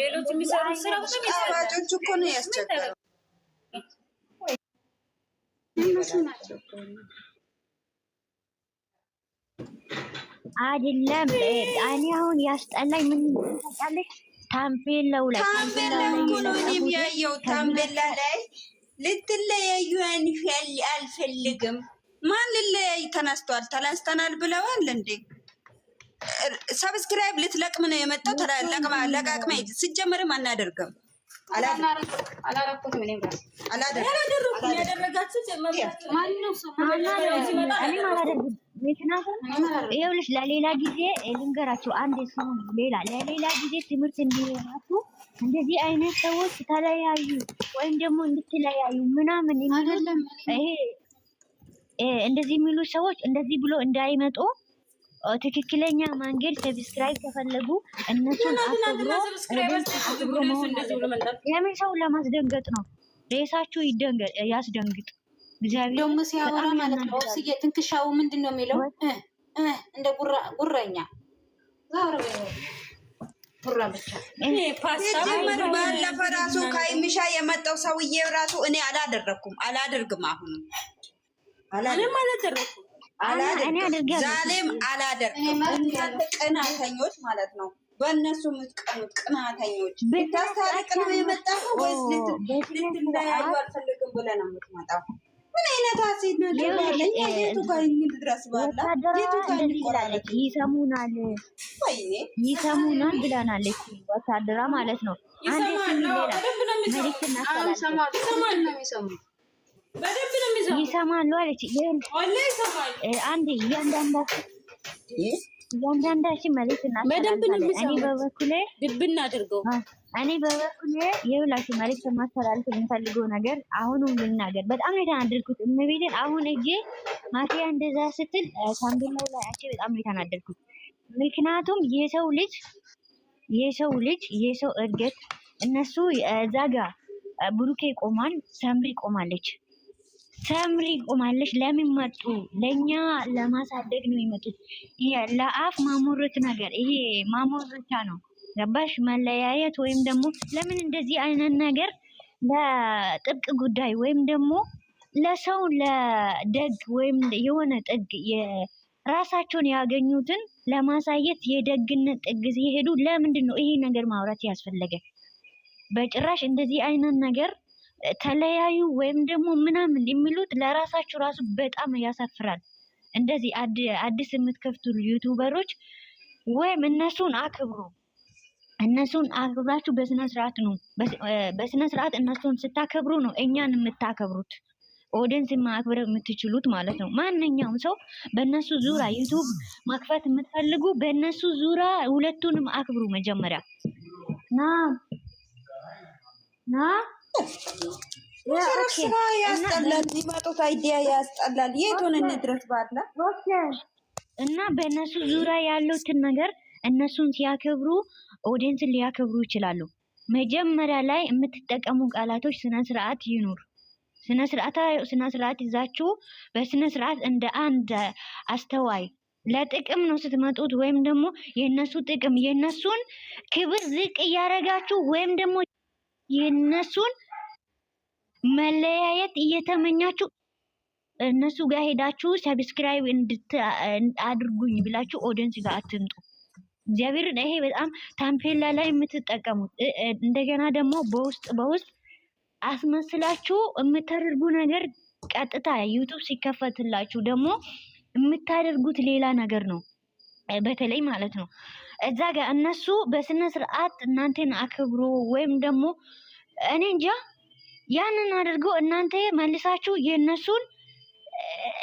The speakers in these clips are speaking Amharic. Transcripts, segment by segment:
ሌሎች የሚሰሩት ስራ በጣም አዋጆች እኮ ነው ያስቸገረው። አይደለም እኔ አሁን ያስጠላኝ ምን ታውቂያለሽ? ታምቤላው ላይ ታምቤላው እኮ ነው እኔም ያየው ታምቤላ ላይ ልትለያዩ አልፈልግም። ማን ልለያይ ተነስቷል፣ ተነስተናል ብለዋል እንዴ ሰብስክራይብ ልትለቅም ነው የመጣው። ለቃቅመ ስጀምርም አናደርግም ይኸውልሽ ለሌላ ጊዜ ልንገራቸው። አንድ ሰው ሌላ ለሌላ ጊዜ ትምህርት እንዲሆናችሁ እንደዚህ አይነት ሰዎች ተለያዩ ወይም ደግሞ እንድትለያዩ ምናምን ይሄ እንደዚህ የሚሉ ሰዎች እንደዚህ ብሎ እንዳይመጡ ትክክለኛ መንገድ ሰብስክራይብ ከፈለጉ እነሱን አክብሮ ሰው ለማስደንገጥ ነው። ሬሳችሁ ያስደንግጥ። እግዚአብሔር ደግሞ ሲያወራ ማለት ነው። ስዬ ትንክሻው ምንድን ነው የሚለው? እንደ ጉረኛ ሲጀመር ባለፈ ራሱ ከሚሻ የመጣው ሰውዬ ራሱ እኔ አላደረኩም አላደርግም አሁንም ዛሬም አላደርግም። ቅናተኞች ማለት ነው። በእነሱ የምትቀኑት ቅናተኞች ታስታርቅ ነው የመጣው ወይስ ልትለያዩ አልፈልግም ብለህ ነው የምትመጣው? ምን አይነት አሴት ነች? የቱ ጋር ድረስ ባላ የቱ ጋር ይቆራለች? ይሰሙናል፣ ይሰሙናል ብለናለች። ወታደራ ማለት ነው። ሰማ ሌላ መልዕክት እናስተላልፋለን። ይሰማሉ አለች። አንድ እያንዳንዳችን መልዕክት እኔ በበኩሌ አድርገው እኔ በበኩሌ መልዕክት ማስተላለፍ የምፈልገው ነገር ልናገር፣ በጣም ነው የተናደድኩት። አሁን እጄ እንደዛ ስትል ሳምቢላው ላይ በጣም ነው የተናደድኩት። ምክንያቱም የሰው ልጅ የሰው ልጅ የሰው እድገት እነሱ እዛ ጋ ብሩኬ ቆማል፣ ሳምሪ ቆማለች። ተምሪ ቆማለሽ። ለምን መጡ? ለኛ ለማሳደግ ነው የመጡት። ይሄ ለአፍ ማሞረት ነገር ይሄ ማሞረቻ ነው። ገባሽ? መለያየት ወይም ደግሞ ለምን እንደዚህ አይነት ነገር ለጥብቅ ጉዳይ ወይም ደግሞ ለሰው ለደግ ወይም የሆነ ጥግ ራሳቸውን ያገኙትን ለማሳየት የደግነት ጥግ ሲሄዱ ለምንድን ነው ይሄ ነገር ማውራት ያስፈለገ? በጭራሽ እንደዚህ አይነት ነገር ተለያዩ ወይም ደግሞ ምናምን የሚሉት ለራሳችሁ ራሱ በጣም ያሳፍራል። እንደዚህ አዲስ የምትከፍቱ ዩቱበሮች ወይም እነሱን አክብሩ። እነሱን አክብራችሁ በስነ ስርዓት ነው በስነ ስርዓት እነሱን ስታከብሩ ነው እኛን የምታከብሩት ኦዲንስ ማክበር የምትችሉት ማለት ነው። ማንኛውም ሰው በእነሱ ዙራ ዩቱብ መክፈት የምትፈልጉ በእነሱ ዙራ ሁለቱንም አክብሩ መጀመሪያ ና ና ስራ ያስጠላል። የሚመጡት አይዲያ ያስጠላል። የቱን እንድረስ ባለ እና በእነሱ ዙሪያ ያሉትን ነገር እነሱን ሲያከብሩ ኦዲየንስን ሊያከብሩ ይችላሉ። መጀመሪያ ላይ የምትጠቀሙ ቃላቶች ስነ ስርዓት ይኑር። ስነ ስርዓት ይዛችሁ በስነ ስርዓት እንደ አንድ አስተዋይ ለጥቅም ነው ስትመጡት ወይም ደግሞ የነሱ ጥቅም የነሱን ክብር ዝቅ እያረጋችሁ ወይም ደግሞ የእነሱን መለያየት እየተመኛችሁ እነሱ ጋር ሄዳችሁ ሰብስክራይብ አድርጉኝ ብላችሁ ኦዲየንስ ጋር አትምጡ። እግዚአብሔርን ይሄ በጣም ታምፔላ ላይ የምትጠቀሙት እንደገና ደግሞ በውስጥ በውስጥ አስመስላችሁ የምታደርጉ ነገር ቀጥታ ዩቱብ ሲከፈትላችሁ ደግሞ የምታደርጉት ሌላ ነገር ነው። በተለይ ማለት ነው እዛ ጋር እነሱ በስነ ስርዓት እናንተን አክብሩ ወይም ደግሞ እኔ እንጃ ያንን አድርገው እናንተ መልሳችሁ የእነሱን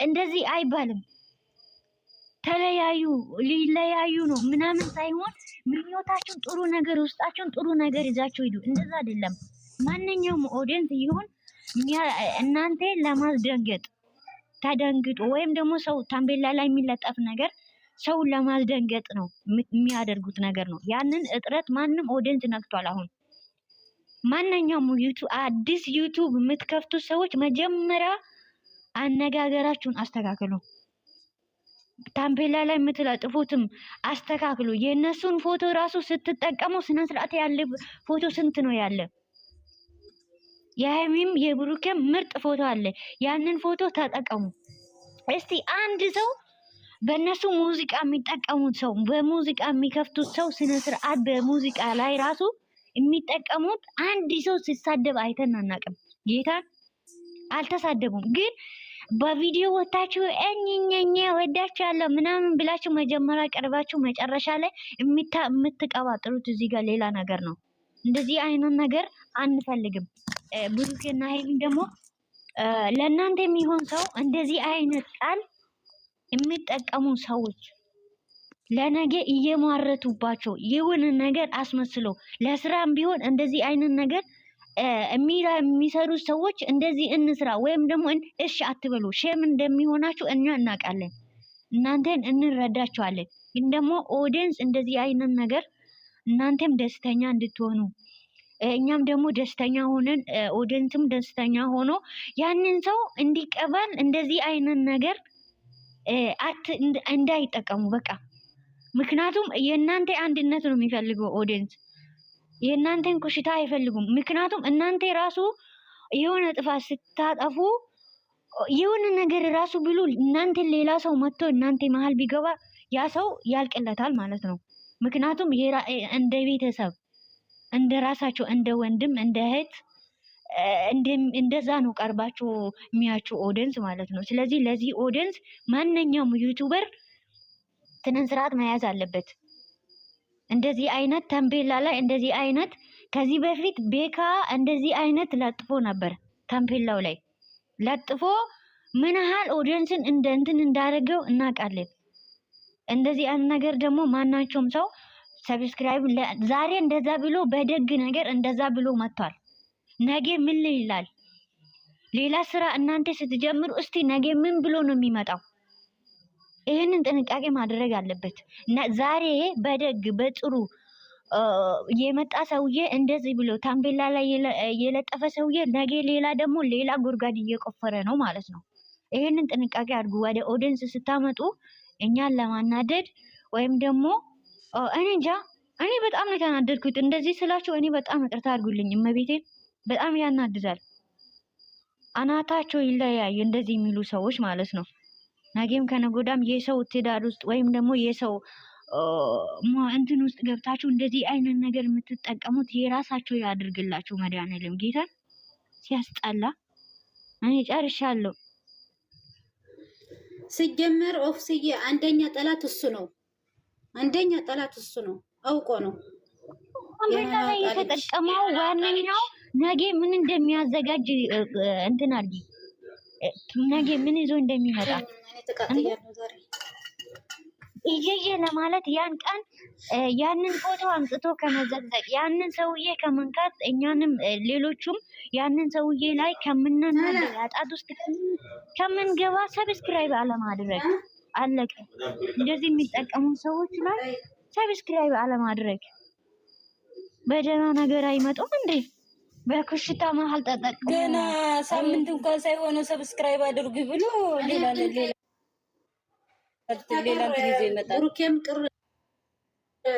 እንደዚህ አይባልም። ተለያዩ ሊለያዩ ነው ምናምን ሳይሆን ምኞታችሁን ጥሩ ነገር ውስጣችሁን ጥሩ ነገር ይዛችሁ ሂዱ። እንደዛ አይደለም። ማንኛውም ኦዲየንስ ይሁን እናንተ ለማስደንገጥ ተደንግጦ ወይም ደግሞ ሰው ታምቤላ ላይ የሚለጠፍ ነገር ሰውን ለማስደንገጥ ነው የሚያደርጉት ነገር ነው። ያንን እጥረት ማንም ኦዲየንስ ነክቷል። አሁን ማንኛውም አዲስ ዩቱብ የምትከፍቱ ሰዎች መጀመሪያ አነጋገራችሁን አስተካክሉ። ታምፔላ ላይ የምትለጥፉትም አስተካክሉ። የእነሱን ፎቶ ራሱ ስትጠቀሙ ስነ ስርዓት ያለ ፎቶ ስንት ነው ያለ? የሀይሚም የብሩኬም ምርጥ ፎቶ አለ። ያንን ፎቶ ተጠቀሙ። እስቲ አንድ ሰው በእነሱ ሙዚቃ የሚጠቀሙት ሰው በሙዚቃ የሚከፍቱት ሰው ስነ ስርዓት በሙዚቃ ላይ ራሱ የሚጠቀሙት አንድ ሰው ሲሳደብ አይተን አናቅም። ጌታ አልተሳደቡም፣ ግን በቪዲዮ ወታችሁ እኝኝኝ ወዳችኋለሁ ምናምን ብላችሁ መጀመሪያ ቀርባችሁ መጨረሻ ላይ የምትቀባጥሩት እዚህ ጋር ሌላ ነገር ነው። እንደዚህ አይነት ነገር አንፈልግም። ብሩኬና ሀይሚ ደግሞ ለእናንተ የሚሆን ሰው እንደዚህ አይነት ቃል የሚጠቀሙ ሰዎች ለነገ እየማረቱባቸው ይሁን ነገር አስመስሎ ለስራም ቢሆን እንደዚህ አይነት ነገር እሚራ የሚሰሩ ሰዎች እንደዚህ እንስራ ወይም ደግሞ እሺ አትበሉ። ሼም እንደሚሆናችሁ እኛ እናውቃለን። እናንተን እንረዳችኋለን። ግን ደግሞ ኦዲየንስ እንደዚህ አይነት ነገር እናንተም ደስተኛ እንድትሆኑ እኛም ደግሞ ደስተኛ ሆነን ኦዲየንስም ደስተኛ ሆኖ ያንን ሰው እንዲቀበል እንደዚህ አይነት ነገር እንዳይጠቀሙ በቃ። ምክንያቱም የእናንተ አንድነት ነው የሚፈልገው ኦዲየንስ፣ የእናንተን ኮሽታ አይፈልጉም። ምክንያቱም እናንተ ራሱ የሆነ ጥፋት ስታጠፉ የሆነ ነገር ራሱ ብሉ እናንተን ሌላ ሰው መጥቶ እናንተ መሀል ቢገባ ያ ሰው ያልቅለታል ማለት ነው። ምክንያቱም እንደ ቤተሰብ እንደ ራሳቸው እንደ ወንድም እንደ እህት እንደዛ ነው ቀርባችሁ የሚያችሁ ኦዲንስ ማለት ነው። ስለዚህ ለዚህ ኦዲንስ ማንኛውም ዩቱበር ትንን ስርዓት መያዝ አለበት። እንደዚህ አይነት ታምፔላ ላይ እንደዚህ አይነት ከዚህ በፊት ቤካ እንደዚህ አይነት ለጥፎ ነበር። ተምፔላው ላይ ለጥፎ ምን ያህል ኦዲየንስን እንደ እንትን እንዳደረገው እናውቃለን። እንደዚህ አይነት ነገር ደግሞ ማናቸውም ሰው ሰብስክራይብ ዛሬ እንደዛ ብሎ በደግ ነገር እንደዛ ብሎ መጥቷል። ነገ ምን ይላል? ሌላ ስራ እናንተ ስትጀምሩ እስቲ ነገ ምን ብሎ ነው የሚመጣው? ይህንን ጥንቃቄ ማድረግ አለበት። ዛሬ በደግ በጥሩ የመጣ ሰውዬ እንደዚህ ብሎ ታምቤላ ላይ የለጠፈ ሰውዬ ነገ ሌላ ደግሞ ሌላ ጉድጓድ እየቆፈረ ነው ማለት ነው። ይህንን ጥንቃቄ አድርጉ። ወደ ኦዲንስ ስታመጡ እኛን ለማናደድ ወይም ደግሞ እኔ እንጃ እኔ በጣም ነው የተናደድኩት። እንደዚህ ስላችሁ እኔ በጣም ይቅርታ አድርጉልኝ እመቤቴን በጣም ያናድዳል። አናታቸው ይለያይ እንደዚህ የሚሉ ሰዎች ማለት ነው። ነገም ከነጎዳም የሰው ትዳር ውስጥ ወይም ደግሞ የሰው እንትን ውስጥ ገብታችሁ እንደዚህ አይነት ነገር የምትጠቀሙት የራሳቸው ያድርግላችሁ። መድኃኒዓለም ጌታ ሲያስጠላ እኔ ጨርሻለሁ። ሲጀመር ኦፍስዬ አንደኛ ጠላት እሱ ነው። አንደኛ ጠላት እሱ ነው። አውቆ ነው የተጠቀመው ዋነኛው ነገ ምን እንደሚያዘጋጅ እንትን አድርጊ። ነገ ምን ይዞ እንደሚመጣ እየየ ለማለት ያን ቀን ያንን ፎቶ አምጥቶ ከመዘቅዘቅ ያንን ሰውዬ ከመንካት እኛንም ሌሎቹም ያንን ሰውዬ ላይ ከምናናለ ያጣት ውስጥ ከምንገባ ሰብስክራይብ አለማድረግ አለቀ። እንደዚህ የሚጠቀሙ ሰዎች ላይ ሰብስክራይብ አለማድረግ በደህና ነገር አይመጡም እንዴ? በኩሽታ መሀል ጠጠቅ ገና ሳምንት እንኳን ሳይሆነ ሰብስክራይብ አድርጉ ብሎ ሌላ ቅር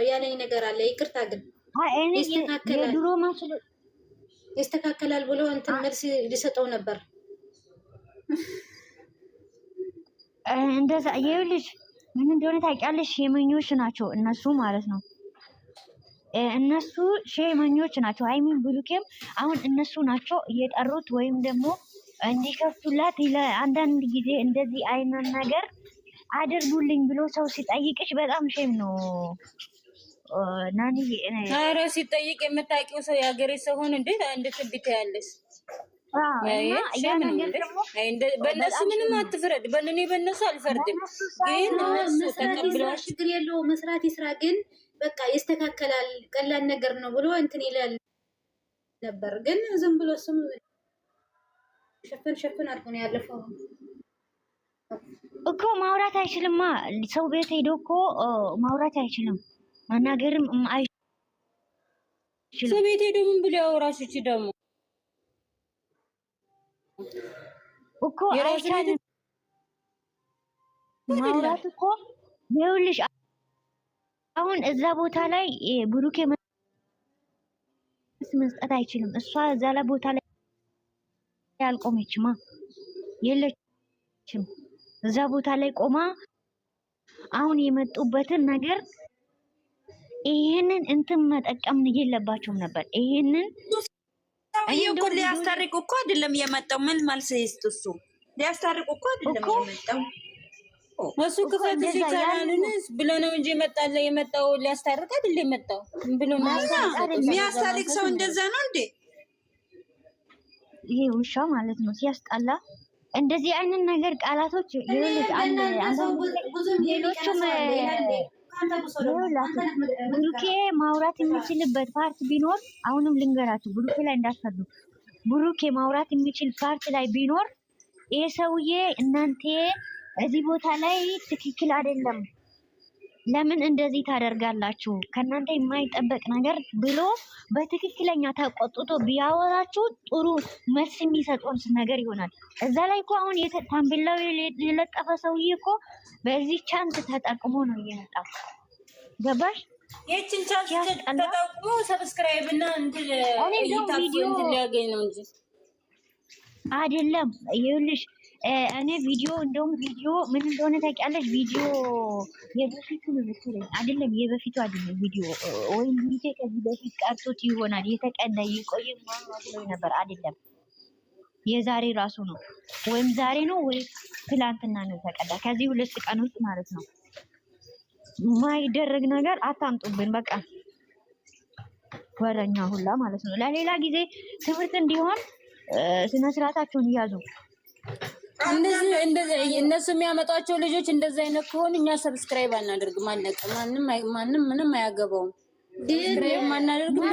ያለኝ ነገር አለ። ይቅርታ ግን ይስተካከላል ብሎ እንትን መልስ ሊሰጠው ነበር። እንደዛ ይኸውልሽ ምን እንደሆነ ታውቂያለሽ? የመኞች ናቸው እነሱ ማለት ነው። እነሱ ሸማኞች ናቸው። ሀይሚን ብሩኬም አሁን እነሱ ናቸው እየጠሩት ወይም ደግሞ እንዲከፍቱላት። አንዳንድ ጊዜ እንደዚህ አይነት ነገር አድርጉልኝ ብሎ ሰው ሲጠይቅሽ በጣም ሼም ነው። ናኒ ኧረ ሲጠይቅ የምታውቂው ሰው የሀገሬ ሰው ሆን እንዴት አንድ ክብት ያለሽ በእነሱ ምንም አትፍረድ። በእኔ በእነሱ አልፈርድም፣ ግን እነሱ ተቀብለዋል። ችግር የለው መስራት ይስራ ግን በቃ ይስተካከላል፣ ቀላል ነገር ነው ብሎ እንትን ይላል ነበር። ግን ዝም ብሎ ስሙ ሸፈን ሸፈን አድርጎ ነው ያለፈው እኮ። ማውራት አይችልማ ሰው ቤት ሄዶ እኮ ማውራት አይችልም፣ መናገርም አይችልም። ሰው ቤት ሄዶ ምን ብሎ ያወራሽ? እቺ ደግሞ እኮ አይቻልም ማውራት እኮ ይኸውልሽ አሁን እዛ ቦታ ላይ ብሩኬ መልስ መስጠት አይችልም። እሷ እዛ ላይ ቦታ ላይ አልቆመችማ የለችም። እዛ ቦታ ላይ ቆማ አሁን የመጡበትን ነገር ይሄንን እንትን መጠቀም የለባቸውም ነበር። ይሄንን እኮ ሊያስታርቅ እኮ አይደለም የመጣው። ምን መልስ ይስጥ? እሱ ሊያስታርቅ እኮ አይደለም የመጣው እሱ ክፈት ይቻላልን ብሎ ነው እንጂ መጣለ የመጣው ሊያስታርቅ አይደል የመጣው ብሎ የሚያስታርቅ ሰው እንደዛ ነው እንዴ? ይሄ ውሻ ማለት ነው ሲያስጣላ እንደዚህ አይነት ነገር ቃላቶች ሌሎችም ብሩኬ ማውራት የሚችልበት ፓርት ቢኖር አሁንም ልንገራችሁ፣ ብሩኬ ላይ እንዳትፈርዱ። ብሩኬ ማውራት የሚችል ፓርት ላይ ቢኖር ይሄ ሰውዬ እናንተ እዚህ ቦታ ላይ ትክክል አይደለም። ለምን እንደዚህ ታደርጋላችሁ? ከእናንተ የማይጠበቅ ነገር ብሎ በትክክለኛ ተቆጥቶ ቢያወራችሁ ጥሩ መልስ የሚሰጡን ነገር ይሆናል። እዛ ላይ እኮ አሁን ታምቤላው የለጠፈ ሰውዬ እኮ በዚህ ቻንስ ተጠቅሞ ነው እየመጣው። ገባሽ? ይህችን ቻንስ ተጠቅሞ ሰብስክራይብ እና እንትን ሊያገኝ ነው እንጂ አይደለም። ይኸውልሽ እኔ ቪዲዮ እንደውም ቪዲዮ ምን እንደሆነ ታውቂያለሽ? ቪዲዮ የበፊቱ ነው መሰለኝ። አይደለም የበፊቱ አይደለም ቪዲዮ ወይም ቪዲዮ ከዚህ በፊት ቀርቶት ይሆናል የተቀዳ የቆየ ማለት ነበር። አይደለም የዛሬ ራሱ ነው፣ ወይም ዛሬ ነው ወይ ትላንትና ነው የተቀዳ፣ ከዚህ ሁለት ቀን ውስጥ ማለት ነው። ማይደረግ ነገር አታምጡብን በቃ ወረኛ ሁላ ማለት ነው። ለሌላ ጊዜ ትምህርት እንዲሆን ስነ ስርዓታቸውን ይያዙ። እንደዚህ እነሱ የሚያመጧቸው ልጆች እንደዚህ አይነት ከሆኑ እኛ ሰብስክራይብ አናደርግም። አለቀ። ማንም ምንም አያገባውም። ሰብስክራይብ አናደርግም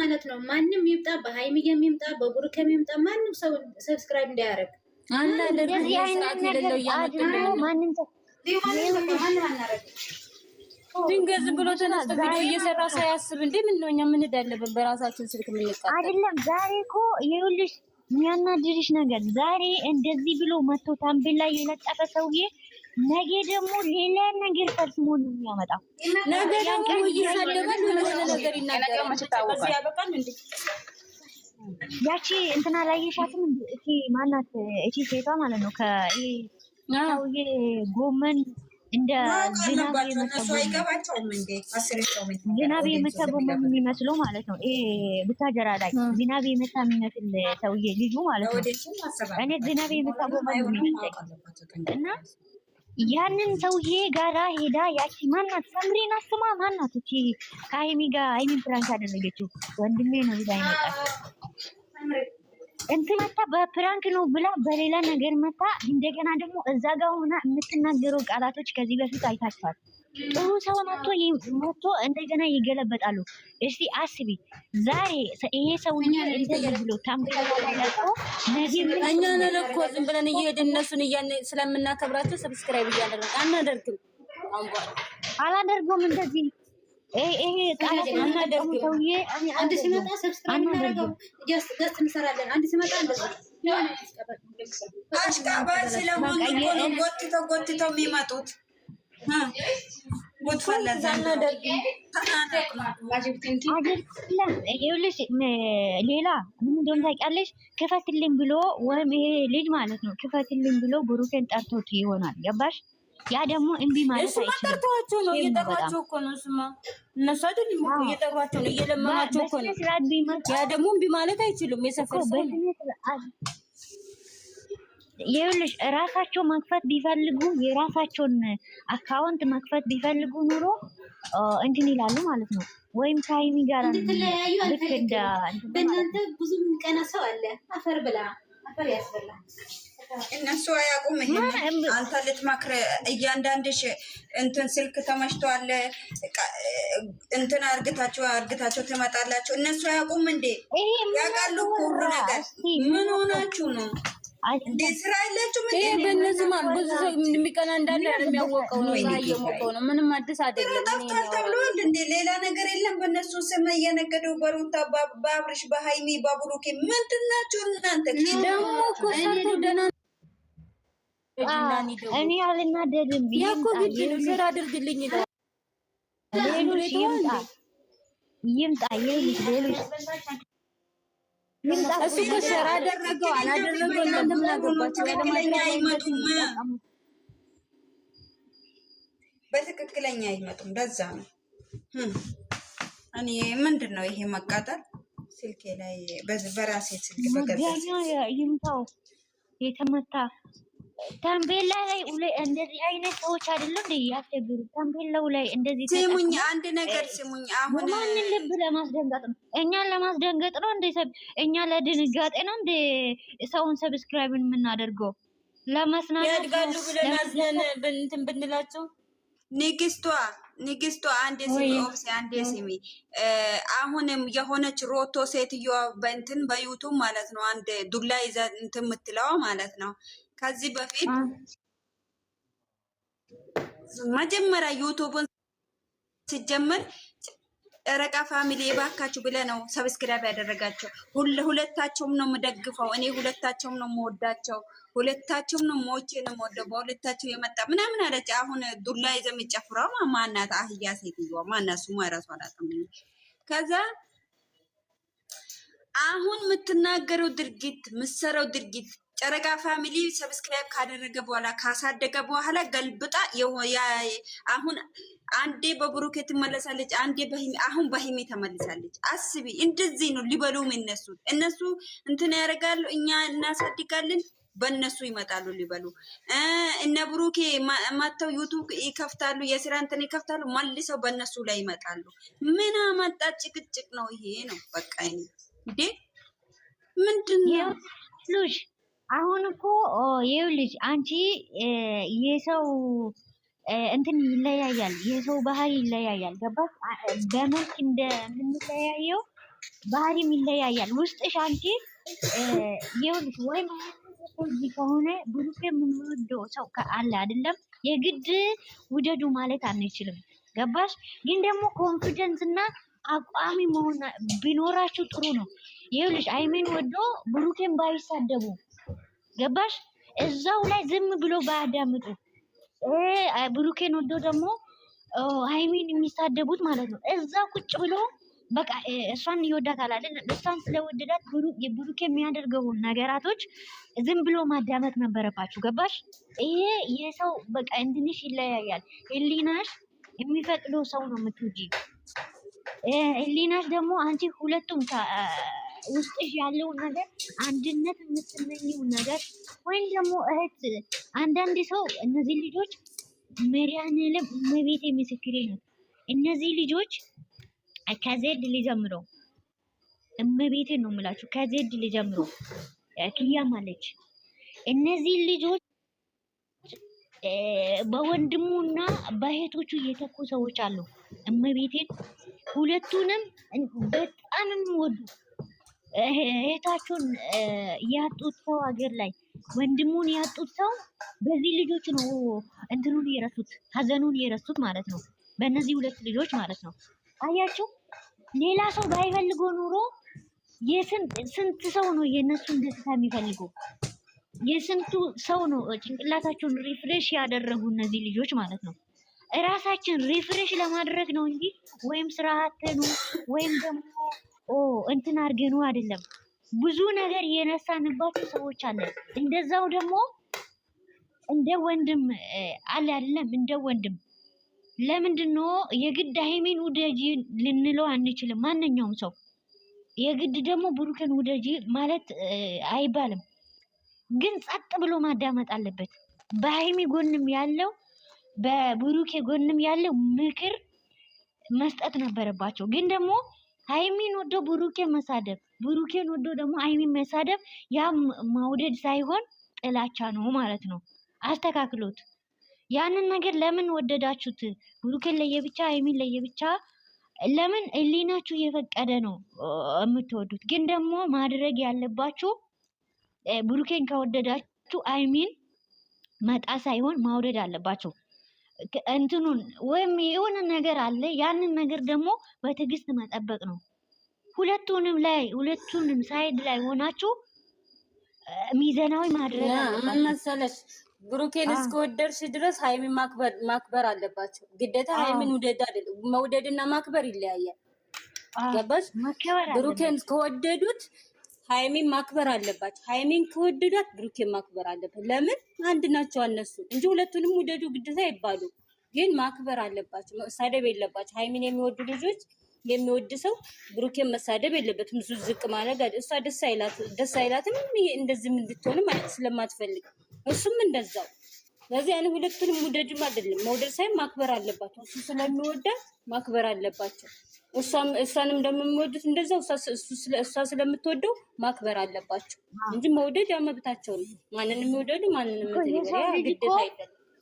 ማለት ነው። ማንም ይምጣ፣ በሀይሚ የሚምጣ በቡሩክ የሚምጣ ማንም ሰው ሰብስክራይብ እንዳያደርግ አናደርግም። ብሎ ተነስቶ ቪዲዮ እየሰራ ሳያስብ እንዴ ነው እኛ ምን እንዳለብን በራሳችን ስልክ የምንጣ አይደለም ዛሬ እኮ ይኸውልሽ የሚያናድድሽ ነገር ዛሬ እንደዚህ ብሎ መቶ ታምቤል ላይ የለጠፈ ሰውዬ ነገ ደግሞ ሌላ ነገር ፈጽሞ ነው የሚያመጣው። ነገ ደግሞ እየሳደበን የሆነ ነገር ይናገራል። ያቺ እንትና ላይ የሻትም ማናት እቺ ሴቷ ማለት ነው ከሰውዬ ጎመን እንደ ዝናብ የመታ ቦምብ የሚመስለው ማለት ነው። ይሄ ብታጀራ ላይ ዝናብ የመታ የሚመስል ሰውዬ ልጁ ማለት ነው። እኔ ዝናብ የመታ ቦምብ የሚመስለኝ እና ያንን ሰውዬ ጋራ ሄዳ ያቺ ማናት ሰምሪን አስማ ማናት እቺ ከሀይሚ ጋር ሀይሚን ፕራንክ አደረገችው ወንድሜ ነው ብላ ይመጣል እንትን መታ በፕራንክ ነው ብላ በሌላ ነገር መታ። እንደገና ደግሞ እዛ ጋር ሆና የምትናገሩ ቃላቶች ከዚህ በፊት አይታችኋል። ጥሩ ሰው መቶ መቶ እንደገና ይገለበጣሉ። እስቲ አስቢ፣ ዛሬ ይሄ ሰውዬ እንተገብሎ እኛ እኛን እኮ ዝም ብለን እየሄድ እነሱን እያን ስለምናከብራቸው ሰብስክራይብ እያደረግ አናደርግም፣ አላደርገውም እንደዚህ ይሄ ሰውዬ አንድ ጎትተው ጎትተው የሚመጡት ይኸውልሽ ሌላ ምን እንደሆነ ታውቂያለሽ? ክፈትልኝ ብሎ ወይም ይሄ ልጅ ማለት ነው ክፈትልኝ ብሎ ብሩኬን ጠርቶት ይሆናል። ገባሽ? ያ ደግሞ እምቢ ማለት አይችልም። እሱማ ጠርተዋቸው ነው እየጠሯቸው እኮ ነው። እሱማ እነሱ አይደል እኮ እየጠሯቸው ነው እየለመናቸው እኮ ነው። ያ ደግሞ እምቢ ማለት አይችልም። የሰፈር ሰው ይኸውልሽ፣ ራሳቸው መክፈት ቢፈልጉ የራሳቸውን አካውንት መክፈት ቢፈልጉ ኑሮ እንትን ይላሉ ማለት ነው። ወይም ከሀይሚ ጋር ልክ እንደ በእናንተ ብዙም ቀና ሰው አለ አፈር ብላ እነሱ አያውቁም። ይሄንን አንተ ልትመክር እያንዳንድሽ እንትን ስልክ ተመችቷል እንትን አርግታቸው አርግታቸው ትመጣላቸው። እነሱ አያውቁም እንዴ? ያውቃሉ ሁሉ ነገር። ምን ሆናችሁ ነው? ይሄ ብዙ ሰው የሚቀና እንዳለ የሚያወቀው ነው፣ እየሞቀው ነው። ምንም አዲስ አይደለም። ጠፍቷል ተብሏል እንዴ? ሌላ ነገር የለም። በእነሱ ስም እየነገደው በሩታ በአብርሽ በሀይሚ በቡሩኬ ምንድን ናቸው እናንተ? ደግሞ እኮ ሰርቶ ደህና እኔ አልናደድም። ያ ግድ ነው። ስራ አድርግልኝ ይላል። ሌሎች ይምጣ ይምጣ ሌሎች እሱ እኮ አደረገው አላደረገው እናንተ ምን ትክክለኛ አይመጡም፣ በትክክለኛ አይመጡም። ለዛ ነው እኔ ምንድን ነው ይሄ መቃጠል ስልኬ ላይ በራሴ ስልክ በገዛ ይምታው የተመታ ታምቤላ ላይ እንደዚህ አይነት ሰዎች አይደለም እንደ ያስቸግሩ ታምቤላው ላይ እንደዚህ ስሙኝ፣ አንድ ነገር ስሙኝ። አሁን ማንን ልብ ለማስደንገጥ ነው? እኛን ለማስደንገጥ ነው? እንደ እኛ ለድንጋጤ ነው እንደ ሰውን ሰብስክራይብ የምናደርገው ለማስናናት ያድጋሉ ብለን አዝነን እንትን ብንላቸው ንግስቷ ንግስቷ አንዴ ስሚ ኦብሴ አንዴ ስሚ። አሁንም የሆነች ሮቶ ሴትዮዋ በእንትን በዩቱብ ማለት ነው አንድ ዱላ ይዛ እንትን የምትለዋ ማለት ነው ከዚህ በፊት መጀመሪያ ዩቱብን ሲጀምር ጨረቃ ፋሚሊ የባካችሁ ብለ ነው ሰብስክራይብ ያደረጋቸው። ሁለታቸውም ነው የምደግፈው እኔ ሁለታቸውም ነው የምወዳቸው። ሁለታቸውም ነው ሞቼ ነው የምወደው። በሁለታቸው የመጣ ምናምን አለች። አሁን ዱላ ይዘ የሚጨፍረው ማናት? አህያ ሴትዮዋ ማናት? ስሟ ራሱ አላውቅም። ከዛ አሁን የምትናገረው ድርጊት የምትሰራው ድርጊት ጨረቃ ፋሚሊ ሰብስክራይብ ካደረገ በኋላ ካሳደገ በኋላ ገልብጣ አሁን አንዴ በብሩኬ ትመለሳለች፣ አንዴ አሁን በሂሜ ተመልሳለች። አስቢ፣ እንደዚህ ነው ሊበሉም እነሱ እነሱ እንትን ያደርጋሉ፣ እኛ እናሳድጋለን፣ በእነሱ ይመጣሉ ሊበሉ። እነ ብሩኬ ማተው ዩቱብ ይከፍታሉ፣ የስራ እንትን ይከፍታሉ፣ መልሰው በእነሱ ላይ ይመጣሉ። ምን አመጣ? ጭቅጭቅ ነው ይሄ ነው በቃ እንዴ ምንድን ነው አሁን እኮ ይኸው ልጅ አንቺ የሰው እንትን ይለያያል፣ የሰው ባህሪ ይለያያል። ገባሽ? በመልክ እንደምንለያየው ባህሪም ይለያያል። ውስጥሽ አንቺ ይኸው ወይ ማለት ከሆነ ብሩክ የምንወደው ሰው አለ አይደለም፣ የግድ ውደዱ ማለት አንችልም። ገባሽ? ግን ደግሞ ኮንፊደንስ እና አቋሚ መሆን ቢኖራችሁ ጥሩ ነው። ይኸው አይሜን ወዶ ብሩኬን ባይሳደቡ ገባሽ? እዛው ላይ ዝም ብሎ ባያዳምጡ ብሩኬን ወዶ ደግሞ ሃይሚን የሚሳደቡት ማለት ነው። እዛ ቁጭ ብሎ በቃ እሷን ይወዳታል አይደል? እሷን ስለወደዳት ብሩኬ የሚያደርገውን ነገራቶች ዝም ብሎ ማዳመጥ ነበረባችሁ። ገባሽ? ይሄ የሰው በቃ እንትንሽ ይለያያል። ህሊናሽ የሚፈቅደው ሰው ነው የምትውጂ። ህሊናሽ ደግሞ አንቺ ሁለቱም ውስጥሽ ያለው ነገር አንድነት የምትመኘው ነገር ወይም ደግሞ እህት አንዳንድ ሰው እነዚህ ልጆች መድኃኒዓለም እመቤቴ ምስክሬ ነው። እነዚህ ልጆች ከዜድ ሊጀምሮ እመቤቴ ነው የምላችሁ። ከዜድ ሊጀምሮ ክያም አለች። እነዚህ ልጆች በወንድሙና በእህቶቹ የተኩ ሰዎች አሉ። እመቤቴን ሁለቱንም በጣም ወዱ እህታችሁን ያጡት ሰው ሀገር ላይ ወንድሙን ያጡት ሰው በዚህ ልጆች ነው እንትኑን የረሱት ሀዘኑን የረሱት ማለት ነው። በእነዚህ ሁለት ልጆች ማለት ነው። አያችሁ፣ ሌላ ሰው ባይፈልጎ ኑሮ ስንት ሰው ነው የእነሱን ደስታ የሚፈልጉ የስንቱ ሰው ነው ጭንቅላታቸውን ሪፍሬሽ ያደረጉ እነዚህ ልጆች ማለት ነው። እራሳችን ሪፍሬሽ ለማድረግ ነው እንጂ ወይም ስራ አተኑ ወይም ደግሞ ኦ እንትን አድርገኑ አይደለም ብዙ ነገር የነሳንባቸው ሰዎች አለን። እንደዛው ደግሞ እንደ ወንድም አለ አይደለም፣ እንደ ወንድም ለምንድን ነው የግድ ሃይሚን ውደጂ ልንለው አንችልም። ማንኛውም ሰው የግድ ደግሞ ብሩክን ውደጂ ማለት አይባልም። ግን ጸጥ ብሎ ማዳመጥ አለበት። በአይሚ ጎንም ያለው በብሩኬ ጎንም ያለው ምክር መስጠት ነበረባቸው ግን ደግሞ ሀይሚን ወዶ ብሩኬን መሳደብ፣ ብሩኬን ወዶ ደግሞ ሀይሚን መሳደብ ያ መውደድ ሳይሆን ጥላቻ ነው ማለት ነው። አስተካክሎት ያንን ነገር ለምን ወደዳችሁት? ብሩኬን ለየብቻ ሀይሚን ለየብቻ ለምን ህሊናችሁ የፈቀደ ነው የምትወዱት? ግን ደግሞ ማድረግ ያለባችሁ ብሩኬን ከወደዳችሁ አይሚን መጣ ሳይሆን ማውደድ አለባችሁ። እንትኑን ወይም የሆነ ነገር አለ። ያንን ነገር ደግሞ በትዕግስት መጠበቅ ነው። ሁለቱንም ላይ ሁለቱንም ሳይድ ላይ ሆናችሁ ሚዘናዊ ማድረግ መሰለሽ። ብሩኬን እስከወደድሽ ድረስ ሀይሚን ማክበር ማክበር አለባቸው ግዴታ። ሀይሚን ውደድ አይደለም መውደድና ማክበር ይለያያል። ገባሽ? ብሩኬን እስከወደዱት ሀይሜን ማክበር አለባቸው። ሀይሜን ከወደዷት ብሩኬን ማክበር አለበት። ለምን አንድ ናቸው አነሱ እንጂ ሁለቱንም ውደዱ ግድታ ይባሉ፣ ግን ማክበር አለባቸው። መሳደብ የለባቸው። ሀይሜን የሚወዱ ልጆች የሚወድ ሰው ብሩኬን መሳደብ የለበትም። ብዙ ዝቅ ማድረግ እሷ ደስ አይላትም። እንደዚህም እንድትሆንም ስለማትፈልግ እሱም እንደዛው። ለዚህ አይነት ሁለቱንም ውደድም አይደለም መውደድ ሳይሆን ማክበር አለባቸው። እሱ ስለሚወዳት ማክበር አለባቸው። እሷንም ደግሞ የሚወዱት እንደዛው እሷ ስለምትወደው ማክበር አለባቸው እንጂ መውደድ ያው መብታቸው ነው። ማንንም የሚወደዱ ማንንም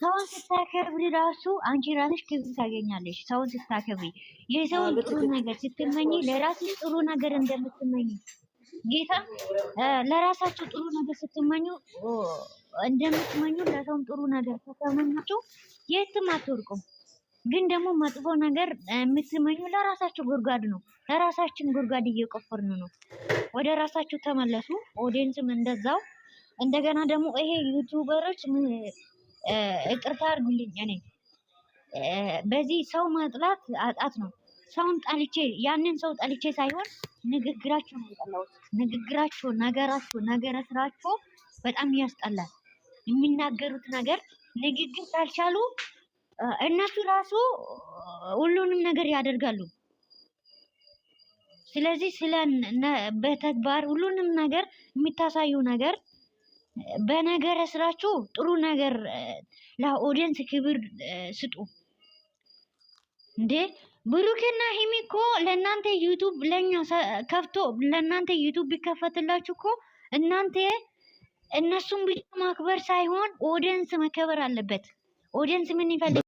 ሰውን ስታከብሪ ራሱ አንቺ ራስሽ ክብር ታገኛለሽ። ሰውን ስታከብሪ የሰውን ጥሩ ነገር ስትመኝ ለራስሽ ጥሩ ነገር እንደምትመኝ ጌታ ለራሳቸው ጥሩ ነገር ስትመኙ እንደምትመኙ ለሰውም ጥሩ ነገር ከተመኛቸው የትም አትወርቁም። ግን ደግሞ መጥፎ ነገር የምትመኙ ለራሳችሁ ጉድጓድ ነው። ለራሳችን ጉድጓድ እየቆፈርን ነው። ወደ ራሳችሁ ተመለሱ። ኦዲየንስም እንደዛው። እንደገና ደግሞ ይሄ ዩቱበሮች ይቅርታ አድርጉልኝ፣ እኔ በዚህ ሰው መጥላት አጣት ነው። ሰውን ጠልቼ ያንን ሰው ጠልቼ ሳይሆን ንግግራቸው ነው የጠላሁት። ንግግራቸው፣ ነገራቸው፣ ነገረ ስራቸው በጣም ያስጠላል። የሚናገሩት ነገር ንግግር ካልቻሉ እነሱ ራሱ ሁሉንም ነገር ያደርጋሉ። ስለዚህ ስለ በተግባር ሁሉንም ነገር የሚታሳዩ ነገር በነገረ ስራችሁ ጥሩ ነገር ለኦዲየንስ ክብር ስጡ። እንዴ ብሩክና ሂሚ እኮ ለእናንተ ዩቱብ ለኛ ከፍቶ ለእናንተ ዩቱብ ቢከፈትላችሁ እኮ እናንተ እነሱን ብቻ ማክበር ሳይሆን ኦዲየንስ መከበር አለበት። ኦዲየንስ ምን ይፈልጋል?